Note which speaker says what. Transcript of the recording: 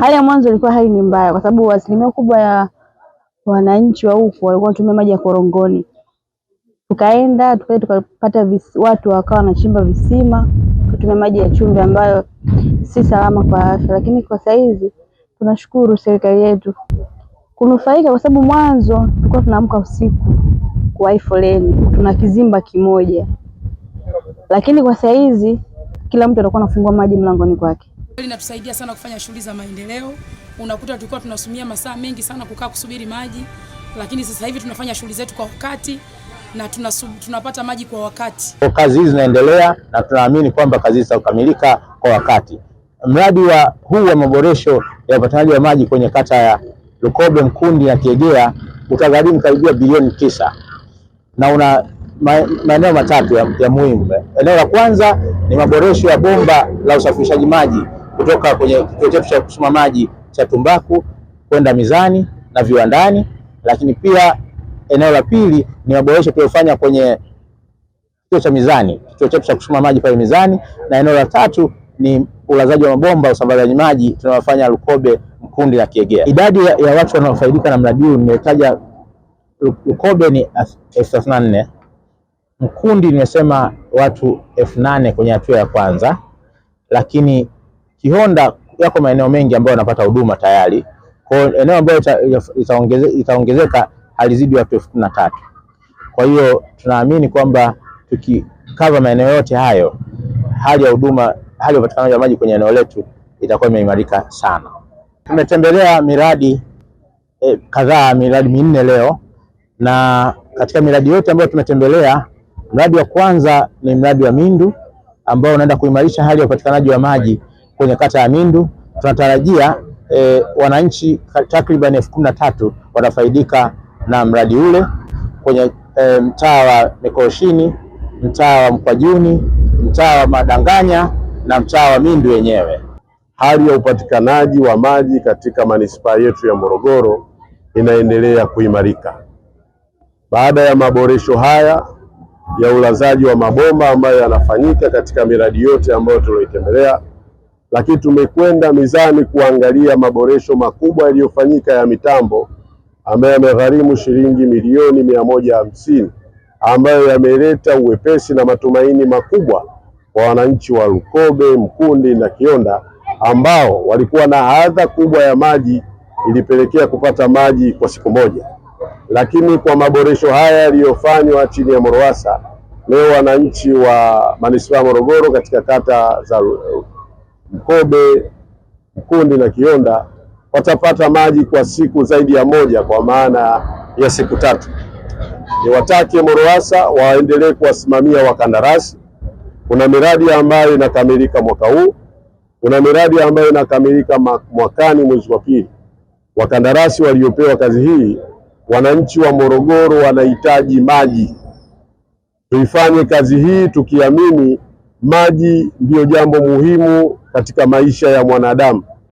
Speaker 1: Hali ya mwanzo ilikuwa hali ni mbaya, kwa sababu asilimia kubwa ya wananchi wa huko walikuwa wanatumia maji ya korongoni. Tukaenda tukaja tukapata visi, watu wakawa wanachimba visima kutumia maji ya chumvi ambayo si salama kwa afya, lakini kwa saizi tunashukuru serikali yetu kunufaika, kwa sababu mwanzo tulikuwa tunaamka usiku kuwahi foleni, tuna kizimba kimoja, lakini kwa saizi kila mtu atakuwa anafungua maji mlangoni kwake
Speaker 2: kweli inatusaidia sana kufanya shughuli za maendeleo. Unakuta tulikuwa tunasumia masaa mengi sana kukaa kusubiri maji, lakini sasa hivi tunafanya shughuli zetu kwa wakati na tunasub, tunapata maji kwa wakati.
Speaker 3: Kwa kazi hizi zinaendelea na tunaamini kwamba kazi hizi zitakamilika kwa wakati. Mradi wa huu wa maboresho ya upatikanaji wa maji kwenye kata ya Lukobe, Mkundi na Kiegea utagharimu karibia bilioni tisa na una maeneo matatu ya, ya muhimu. Eneo la kwanza ni maboresho ya bomba la usafirishaji maji kutoka kwenye kituo chetu cha kusuma maji cha Tumbaku kwenda Mizani na viwandani. Lakini pia eneo la pili ni maboresho tuliyofanya kwenye kituo cha Mizani, kituo chetu cha kusuma maji pale Mizani, na eneo la tatu ni ulazaji wa mabomba usambazaji maji tunayofanya Lukobe, Mkundi na Kiegea. Idadi ya, ya watu wanaofaidika na mradi huu nimetaja Lukobe ni elfu thelathini na nne Mkundi nimesema watu elfu nane kwenye hatua ya kwanza, lakini Kihonda yako maeneo mengi ambayo yanapata huduma tayari. Kwa eneo ambayo itaongezeka itaongeze, ita halizidi watu elfu kumi na tatu. Kwa hiyo tunaamini kwamba tukikava maeneo yote hayo hali ya huduma, hali ya upatikanaji wa maji kwenye eneo letu itakuwa imeimarika sana. Tumetembelea miradi eh, kadhaa, miradi minne leo, na katika miradi yote ambayo tumetembelea, mradi wa kwanza ni mradi wa Mindu ambao unaenda kuimarisha hali ya upatikanaji wa maji kwenye kata ya Mindu. Tunatarajia e, wananchi takriban elfu kumi na tatu watafaidika na mradi ule kwenye e, mtaa wa Mikoshini, mtaa wa Mkwajuni, mtaa wa Madanganya na mtaa wa Mindu wenyewe. Hali ya upatikanaji wa maji katika manispaa yetu ya Morogoro inaendelea kuimarika baada ya maboresho haya ya ulazaji wa mabomba ambayo yanafanyika katika miradi yote ambayo tuliotembelea lakini tumekwenda mizani kuangalia maboresho makubwa yaliyofanyika ya mitambo ambayo yamegharimu shilingi milioni mia moja hamsini ambayo yameleta uwepesi na matumaini makubwa kwa wananchi wa Lukobe, Mkundi na Kionda ambao walikuwa na adha kubwa ya maji, ilipelekea kupata maji kwa siku moja. Lakini kwa maboresho haya yaliyofanywa chini ya MORUWASA, leo wananchi wa manispaa ya Morogoro katika kata za Mkobe, Mkundi na Kionda watapata maji kwa siku zaidi ya moja, kwa maana ya siku tatu. Niwatake MORUWASA waendelee kuwasimamia wakandarasi. Kuna miradi ambayo inakamilika mwaka huu, kuna miradi ambayo inakamilika mwakani mwezi wa pili. Wakandarasi waliopewa kazi hii, wananchi wa Morogoro wanahitaji maji. Tuifanye kazi hii tukiamini maji ndiyo jambo muhimu katika maisha ya mwanadamu.